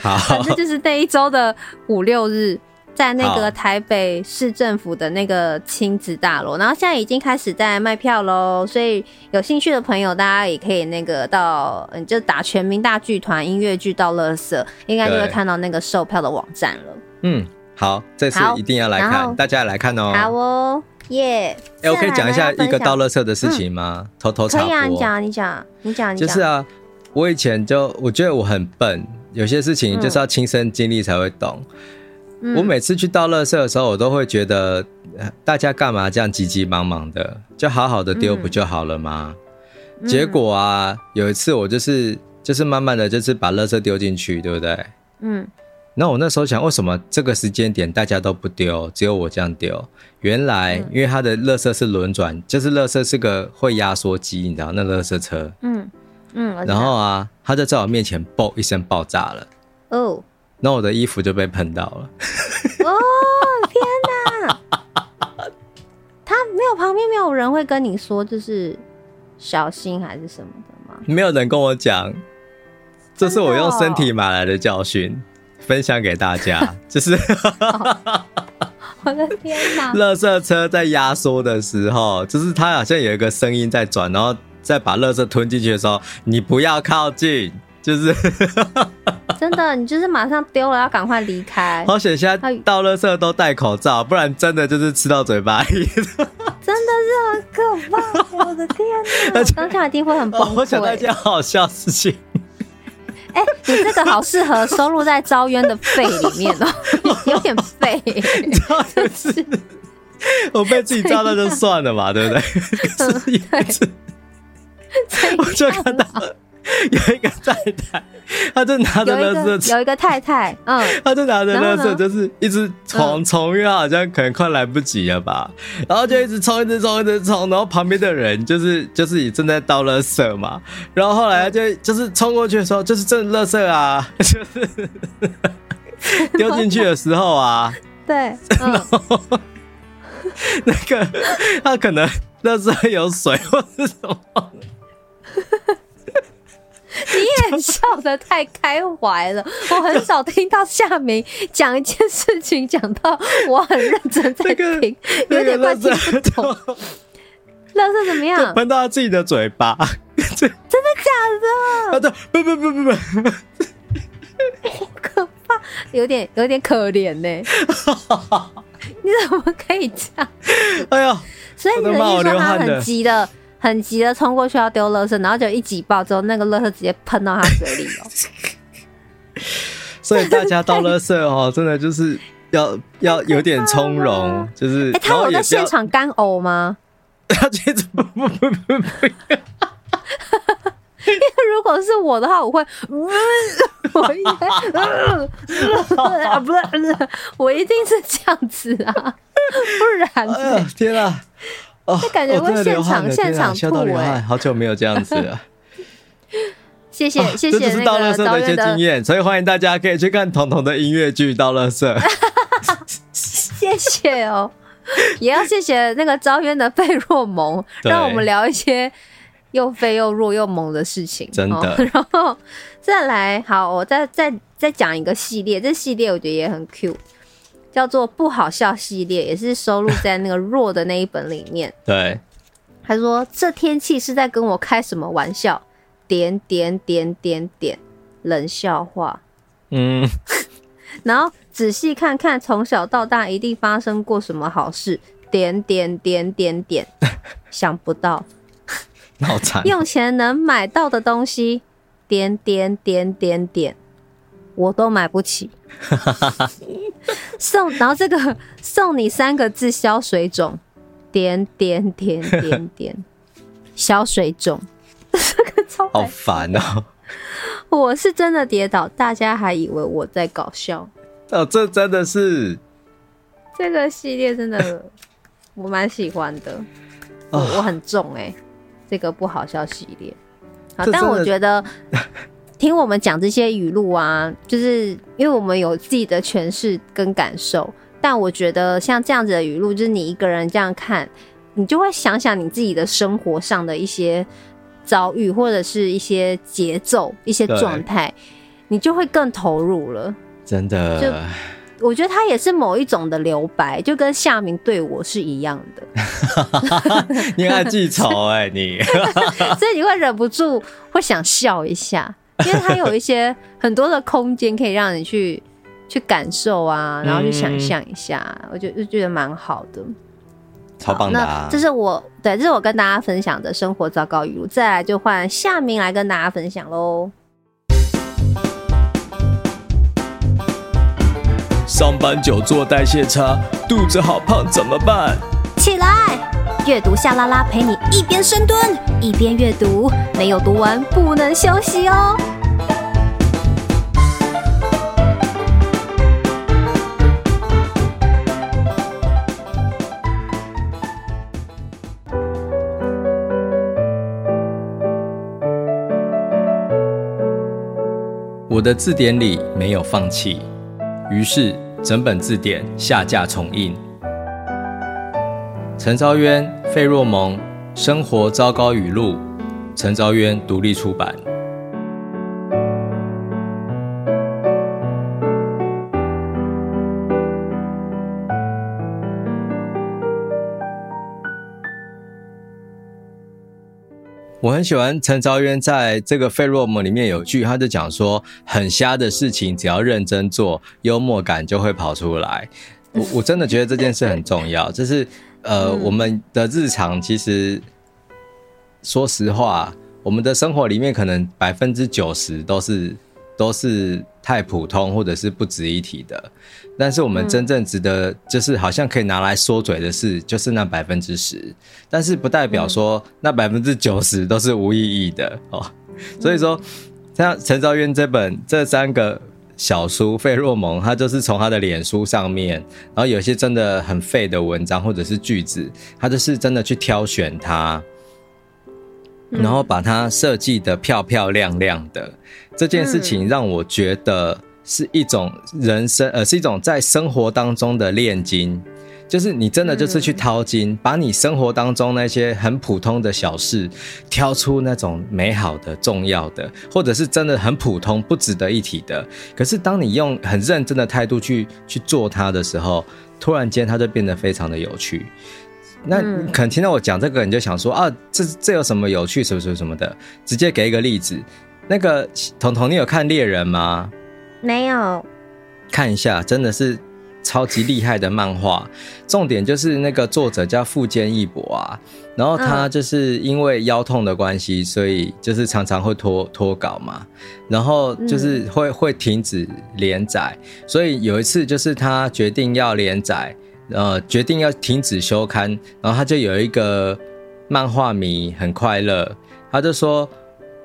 [SPEAKER 1] 好， 反正
[SPEAKER 2] 就是那一週的五六日。在那個臺北市政府的那個親子大樓，好然後現在已經開始在賣票嘍，所以有興趣的朋友，大家也可以那個到，嗯，就打“全民大劇團音樂劇倒垃圾”，應該就會看到那個售票的網站了。
[SPEAKER 1] 對嗯，好，這次一定要來看，好大家來看哦。好哦，耶，
[SPEAKER 2] 哦！哎、哦 yeah,，我可以講一下一個倒垃圾的事情
[SPEAKER 1] 嗎？嗯、偷偷可以啊，你講，
[SPEAKER 2] 你講，你講，你講。就是啊，
[SPEAKER 1] 我以前就我覺得我很笨，有些事情就是要親身經歷才會懂。嗯我每次去倒垃圾的時候，我都會覺得，大家幹嘛這樣急急忙忙的？就好好的丟不就好了嗎？嗯嗯、
[SPEAKER 2] 結果
[SPEAKER 1] 啊，有一次我就是就是慢慢的就是把垃圾丟進去，對不對？嗯。那我那時候想，為什麼這個時間點大家都不丟，只有我這樣丟？原來因為它的垃圾是輪轉，就是垃圾是個會壓縮機，你知道那垃圾車？嗯嗯。嗯然後啊，它就在我面前嘣一聲爆炸了。哦。那我的衣服就被噴到了哦。哦天哪！
[SPEAKER 2] 他沒有旁邊沒有人會跟你說，就是小心還是什麼的嗎？
[SPEAKER 1] 沒有人跟我講，這是我用身體買來的教訓，哦、分享給大家。就是
[SPEAKER 2] 哦、我的天哪！
[SPEAKER 1] 垃圾車在壓縮的時候，就是它好像有一個聲音在轉，然後再把垃圾吞進去的時候，你不要靠近。就是，
[SPEAKER 2] 真的，你就是馬上丟了，要趕快離開。好險，
[SPEAKER 1] 現在到垃圾都戴口罩，不然真的就是吃到嘴巴裡。
[SPEAKER 2] 真的是很可怕，我的天哪！而且當下一定會很崩潰。哦，我想到一件
[SPEAKER 1] 好笑的事情。
[SPEAKER 2] 哎、 欸，你這個好適合收錄在昭淵的廢裡面哦，有點廢、欸。你知道，就
[SPEAKER 1] 是，我被自己抓到就算了嘛，樣對不對？
[SPEAKER 2] 是也是嗯、對，我就看到。 有一
[SPEAKER 1] 個太太，她就拿着樂色，有
[SPEAKER 2] 一個太太，嗯，她
[SPEAKER 1] 就拿着樂色，就是一直衝衝，嗯、因為好像可能快來不及了吧，然後就一直衝、嗯，一直衝，一直衝，然後旁邊的人就是就是也正在倒樂色嘛，然後後來他就、嗯、就是衝過去的時候，就是正樂色啊，就是丟進 去的時候啊。嗯、
[SPEAKER 2] 對， 然
[SPEAKER 1] 後、嗯、 那個他可能樂色有水或是什麼。
[SPEAKER 2] 笑得太開懷了，我很少聽到夏民講一件事情講到我很認真在聽，那個那個、有點怪，聽不懂。樂色怎麼樣？
[SPEAKER 1] 噴到自己的嘴巴，
[SPEAKER 2] 真，真，真的假的？啊，對，不不不不不，好可怕，有點有點可憐呢、欸。 你怎麼可以這樣？哎呀呦，所以你的意思，他很急的。很急的衝過去要丟垃圾，然後就一擠爆之後，那個垃圾直接噴到他嘴裡了。
[SPEAKER 1] 所以大家倒垃圾哦，真的就是要要有點從容，就是、欸。他有在現
[SPEAKER 2] 場乾嘔嗎？他覺得，不不不不不， 因為如果是我的話，我會，我一定啊，不是，我一定是這樣子啊，不然。哎天啊！哦，我真的流汗，真的笑到流汗，
[SPEAKER 1] 好久沒有這樣子了。
[SPEAKER 2] 謝謝謝謝那個倒垃圾的一些經
[SPEAKER 1] 驗，所以歡迎大家可以去看彤彤的音樂劇《倒垃圾》。
[SPEAKER 2] 謝謝哦，也要謝謝那個昭淵的廢弱萌，讓我們聊一些又廢又弱又萌的事情，真的。然後再來，好，我再再再講一個系列，這系列我覺得也很 cute。叫做不好笑系列，也是收錄在那個弱的那一本裡面。對，他說這天氣是在跟我開什麼玩笑，點點點點點冷笑話。嗯， 然後仔細看看，從小到大一定發生過什麼好事，點點點點點想不到。
[SPEAKER 1] 那好慘。用
[SPEAKER 2] 錢能買到的東西，點點點點點我都買不起。 送，然後這個送你三個字消水腫，點點點點點， 消水腫，這
[SPEAKER 1] 個超好煩哦！
[SPEAKER 2] 我是真的跌倒，大家還以為我在搞笑。
[SPEAKER 1] 哦，這真的是
[SPEAKER 2] 這個系列真的，我蠻喜歡的。我、 哦、我很重哎、欸，這個不好笑系列。好，但我覺得。 聽我們講這些語錄啊，就是因為我們有自己的詮釋跟感受。但我覺得像這樣子的語錄，就是你一個人這樣看，你就會想想你自己的生活上的一些遭遇，或者是一些節奏、一些狀態，對你就會更投入了。
[SPEAKER 1] 真的，就
[SPEAKER 2] 我覺得它也是某一種的留白，就跟夏民對我是一樣的。 你愛記仇
[SPEAKER 1] 哎，你，
[SPEAKER 2] 所以你會忍不住會想笑一下。 因為它有一些很多的空間可以讓你去去感受啊，然後去想象一下，嗯、我就就覺得蠻好的，
[SPEAKER 1] 超棒的、啊。那這是
[SPEAKER 2] 我對，這是我跟大家分享的生活糟糕語錄。再來就換夏民來跟大家分享嘍。
[SPEAKER 1] 上班久坐代謝差，肚子好胖怎麼辦？
[SPEAKER 2] 閱讀夏拉拉陪你一邊深蹲一邊閱讀，沒有讀完不能休息哦。
[SPEAKER 1] 我的字典裡沒有放棄，於是整本字典下架重印。陳昭淵廢弱萌生活糟糕語錄，陳昭淵獨立出版。我很喜歡陳昭淵在這個廢弱萌裡面有句，他就講說：很瞎的事情，只要認真做，幽默感就會跑出來。我我真的覺得這件事很重要，就是。呃，我們的日常其實，嗯、說實話，我們的生活裡面可能百分之九十都是都是太普通或者是不值一提的，但是我們真正值得，就是好像可以拿來說嘴的事，就是那百分之十。但是不代表說那百分之九十都是無意義的、嗯、哦。所以說，像陳昭淵這本這三個。小書廢弱萌，他就是從他的臉書上面，然後有些真的很廢的文章或者是句子，他就是真的去挑選它，然後把它設計得漂漂亮亮的。這件事情讓我覺得是一種人生，呃，是一種在生活當中的煉金。就是你真的就是去掏金，嗯、把你生活當中那些很普通的小事，挑出那種美好的、重要的，或者是真的很普通、不值得一提的。可是當你用很認真的態度去去做它的時候，突然間它就變得非常的有趣。那、嗯、可能聽到我講這個，你就想說啊，這這有什麼有趣？什麼什麼什麼的？直接給一個例子。那個童童，童童你有看獵人嗎？
[SPEAKER 2] 沒有。
[SPEAKER 1] 看一下，真的是。超級厲害的漫畫，重點就是那個作者叫富堅義博啊。然後他就是因為腰痛的關係，所以就是常常會拖拖稿嘛。然後就是會會停止連載，所以有一次就是他決定要連載，呃，決定要停止休刊，然後他就有一個漫畫迷很快樂，他就說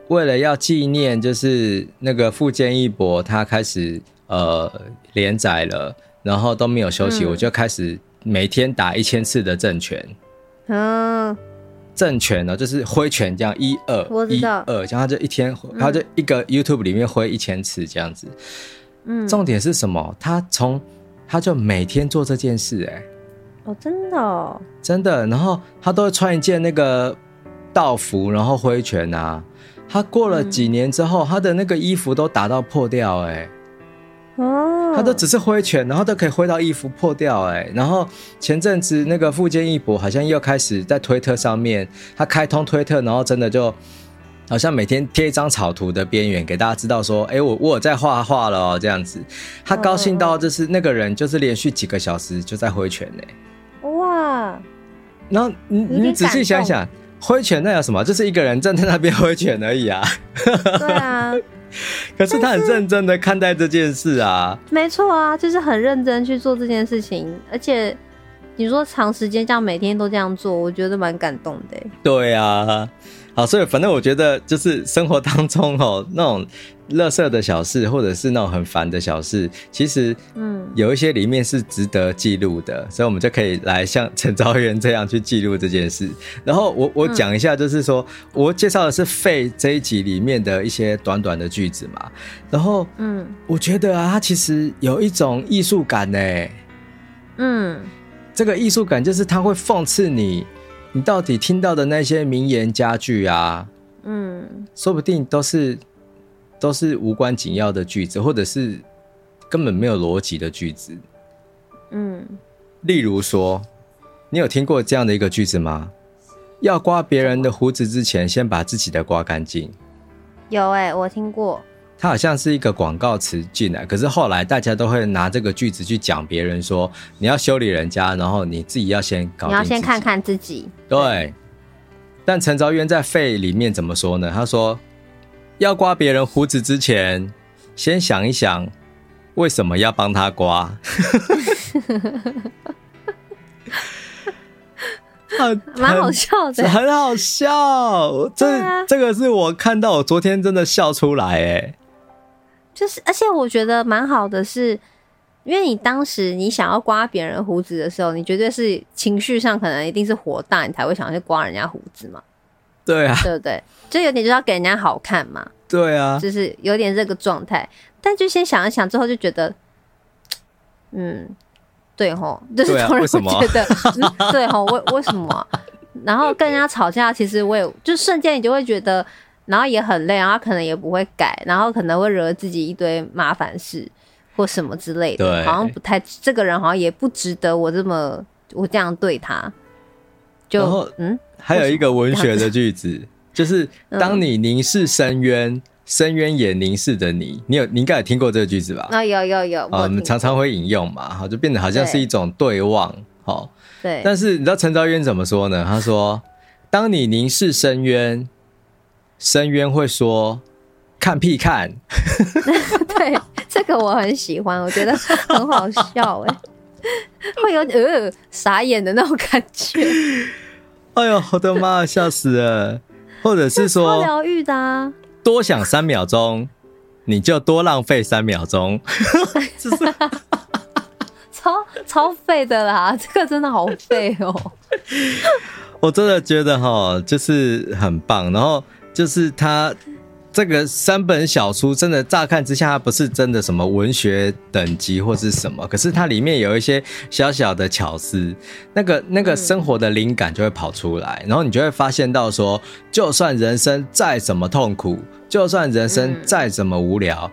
[SPEAKER 1] 為了要紀念，就是那個富堅義博，他開始呃連載了。然後都沒有休息，嗯、我就開始每天打一千次的正拳。
[SPEAKER 2] 嗯，
[SPEAKER 1] 正拳呢，就是揮拳這樣，一二，我知道，一二，然後就一天，嗯、他就一個 YouTube 裡面揮一千次這樣子。
[SPEAKER 2] 嗯，重點
[SPEAKER 1] 是什麼？他從他就每天做這件事，欸，哎，
[SPEAKER 2] 哦，真的，哦，
[SPEAKER 1] 真的。然後他都會穿一件那個道服，然後揮拳啊。他過了幾年之後，嗯、他的那個衣服都打到破掉，欸，哎，哦。他都只是揮拳，然後都可以揮到衣服破掉哎，欸。然後前陣子那個富堅義博好像又開始在推特上面，他開通推特，然後真的就好像每天貼一張草圖的邊緣給大家知道說，哎，欸，我我有在畫畫了這樣子。他高興到就是那個人就是連續幾個小時就在揮拳呢，欸。
[SPEAKER 2] 哇！然後你你仔細想想。
[SPEAKER 1] 揮拳那有什麼？就是一個人站在那邊揮拳而已啊。對啊， 可是他很認真的看待這件事啊。
[SPEAKER 2] 沒錯啊，就是很認真去做這件事情，而且你說長時間這樣，每天都這樣做，我覺得蠻感動的。
[SPEAKER 1] 對啊。好，所以反正我覺得，就是生活當中哦、喔，那種垃圾的小事，或者是那種很煩的小事，其實，嗯，有一些裡面是值得記錄的，所以我們就可以來像陳昭淵這樣去記錄這件事。然後我我講一下，就是說、嗯、我介紹的是廢這一集裡面的一些短短的句子嘛。然後，嗯，我覺得啊，它其實有一種藝術感呢、欸。嗯，這個藝術感就是它會諷刺你。你到底聽到的那些名言佳句啊，嗯，說不定都是都是無關緊要的句子，或者是根本沒有邏輯的句子，
[SPEAKER 2] 嗯。
[SPEAKER 1] 例如說，你有聽過這樣的一個句子嗎？要刮別人的鬍子之前，先把自己的刮乾淨。
[SPEAKER 2] 有誒、欸，我聽過。
[SPEAKER 1] 他好像是一個廣告詞進來，可是後來大家都會拿這個句子去講別人說：你要修理人家，然後你自己要先搞。你要先看看自己。對。對但陳昭淵在肺裡面怎麼說呢？他說：“要刮別人鬍子之前，先想一想，為什麼要幫他刮。 很”哈蠻好笑的，的很好笑。這、對啊、這個是我看到我昨天真的笑出來，哎。
[SPEAKER 2] 就是，而且我覺得蠻好的是，是因為你當時你想要刮別人鬍子的時候，你絕對是情緒上可能一定是火大，你才會想要去刮人家鬍子嘛。
[SPEAKER 1] 對啊，對
[SPEAKER 2] 不對？就有點就要給人家好看嘛。對啊，就是有點這個狀態。但就先想一想，之後就覺得，嗯，對哦，就是突然會覺得，對哦，為為什麼啊？然後跟人家吵架，其實我也就瞬間你就會覺得。然後也很累，然後可能也不會改，然後可能會惹自己一堆麻煩事或什麼之類的。對，好像不太，這個人好像也不值得我這麼，我這樣對他。
[SPEAKER 1] 就嗯，
[SPEAKER 2] 還
[SPEAKER 1] 有一個文學的句子，就是當你凝視深淵，深淵也凝視着你。你有你應該有聽過這個句子吧？
[SPEAKER 2] 那有有有，我
[SPEAKER 1] 們常常會引用嘛，哈，就變得好像是一種對望，哈。對，但是你知道陳昭淵怎麼說呢？他說：“當你凝視深淵。”深淵會說：“看屁看。 ”
[SPEAKER 2] 對，這個我很喜歡，我覺得很好笑哎， 會有點呃傻眼的那種感覺。
[SPEAKER 1] 哎呦，我的媽，笑死了！或者是說，多
[SPEAKER 2] 療癒的啊，
[SPEAKER 1] 多想三秒鐘，你就多浪費三秒鐘 這是
[SPEAKER 2] 超超廢的啦，這個真的好廢哦。
[SPEAKER 1] 我真的覺得齁，就是很棒，然後。就是他這個三本小書，真的乍看之下，它不是真的什麼文學等級或是什麼，可是它裡面有一些小小的巧思，那個那個生活的靈感就會跑出來，嗯、然後你就會發現到說，就算人生再怎麼痛苦，就算人生再怎麼無聊，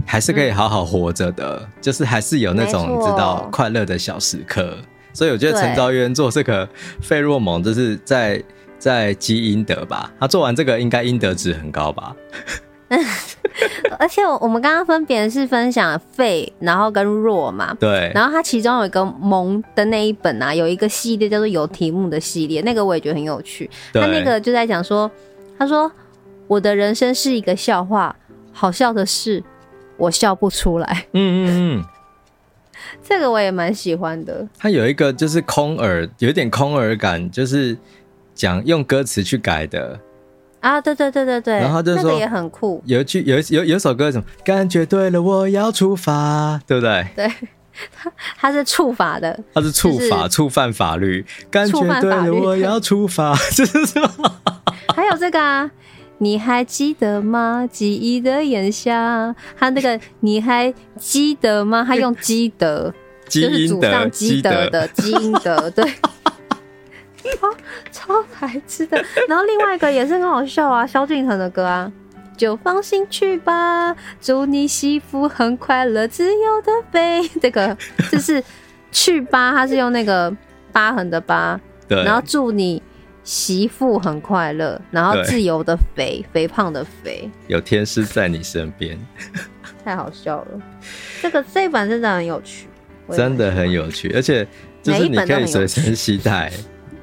[SPEAKER 1] 嗯、還是可以好好活着的，嗯、就是還是有那種你知道快樂的小時刻。哦、所以我覺得陳昭淵做這個廢弱萌，就是在。在積陰德吧，他、啊、做完這個應該陰德值很高吧。
[SPEAKER 2] 而且我們剛剛分別是分享廢，然後跟弱嘛。對。然後他其中有一個萌的那一本啊，有一個系列叫做有題目的系列，那個我也覺得很有趣。他對那個就在講說，他說我的人生是一個笑話，好笑的是我笑不出來。 嗯嗯嗯，這個我也蠻喜歡的。
[SPEAKER 1] 他有一個就是空耳，有一點空耳感，就是。講用歌詞去改的
[SPEAKER 2] 啊，對對對對對，然後他就是那個也很酷，
[SPEAKER 1] 有一句有一有有首歌什麼感覺對了，我要觸法，對不對？
[SPEAKER 2] 對他，他是觸法的，他是觸法、就是、
[SPEAKER 1] 觸犯法律，感覺對了我要觸法，這是
[SPEAKER 2] 什麼還有這個啊，你還積德嗎？記憶的炎夏，他那個你還積德嗎？他用積德，基因的就是祖上積德的積德，對。 超超白痴的，然後另外一個也是很好笑啊，蕭敬騰的歌啊，《就放心去吧》，祝你媳婦很快樂，自由的肥，這個就是去疤，它是用那個疤痕的疤，對，然後祝你媳婦很快樂，然後自由的肥，對肥胖的肥，
[SPEAKER 1] 有天師在你身邊，
[SPEAKER 2] 太好笑了。這個這一本真的很有趣，
[SPEAKER 1] 真的很有趣，而且每一本都可以隨身攜帶。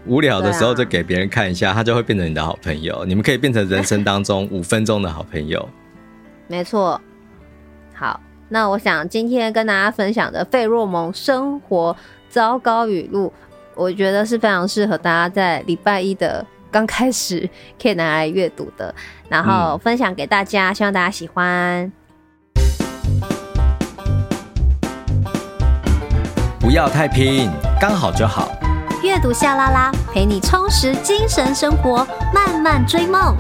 [SPEAKER 1] 無聊的時候，就給別人看一下，啊、他就會變成你的好朋友。你們可以變成人生當中五分鐘的好朋友。
[SPEAKER 2] 沒錯。好，那我想今天跟大家分享的廢弱萌生活糟糕語錄，我覺得是非常適合大家在禮拜一的剛開始可以拿來閱讀的，然後分享給大家，嗯、希望大家喜歡。
[SPEAKER 1] 不要太拼，剛好就好。
[SPEAKER 2] 閱讀夏拉拉陪你充實精神生活，慢慢追夢。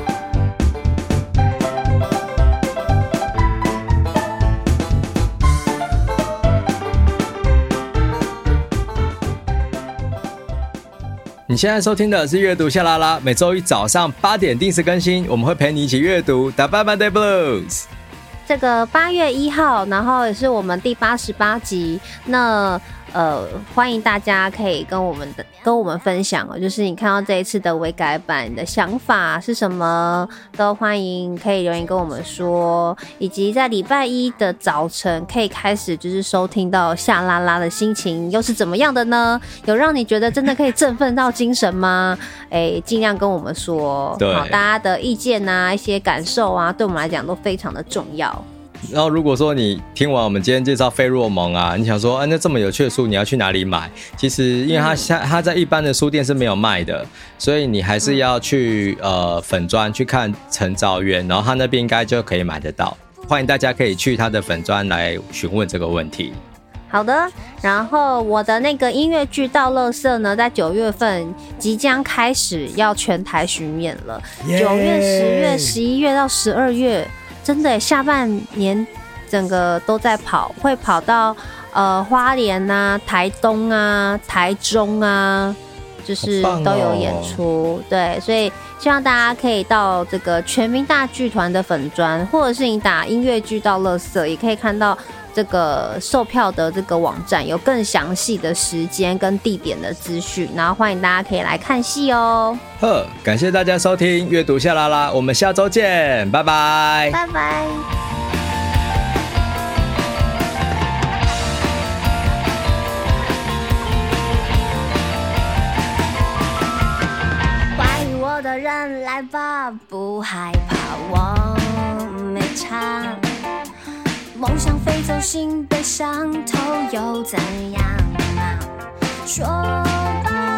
[SPEAKER 1] 你現在收聽的是閱讀夏拉拉，每周一早上八點定時更新，我們會陪你一起閱讀《打敗 Monday Blues》。
[SPEAKER 2] 這個八月一號，然後也是我們第八十八集。那。呃，歡迎大家可以跟我們的跟我們分享哦，就是你看到這一次的微改版，你的想法是什麼，都歡迎可以留言跟我們說，以及在禮拜一的早晨可以開始，就是收聽到夏拉拉的心情又是怎麼樣的呢？有讓你覺得真的可以振奮到精神嗎？哎、 欸，盡量跟我們說，對好，大家的意見吶、啊，一些感受啊，對我們來講都非常的重要。
[SPEAKER 1] 然後，如果說你聽完我們今天介紹廢弱萌啊，你想說，哎、啊，那這麼有趣的書，你要去哪裡買？其實，因為它在、嗯、在一般的書店是沒有賣的，所以你還是要去、嗯、呃粉專去看陳昭淵，然後他那邊應該就可以買得到。歡迎大家可以去他的粉專來詢問這個問題。
[SPEAKER 2] 好的，然後我的那個音樂劇《倒垃圾》呢，在九月份即將開始要全台巡演了，九 Yeah! 月、十月、十一月到十二月。真的，下半年，整個都在跑，會跑到呃花蓮啊、台東啊、台中啊，就是都有演出。哦、對，所以希望大家可以到這個全民大劇團的粉專，或者是你打音樂劇到垃圾，也可以看到。這個售票的這個網站有更詳細的時間跟地點的資訊，然後歡迎大家可以來看戲哦。
[SPEAKER 1] 呵，感謝大家收聽閱讀夏 LaLa！我們下週見，拜拜，拜
[SPEAKER 2] 拜。歡迎我的人來吧，不害怕我，我沒差。夢想飛走，心被傷透，又怎樣？說吧。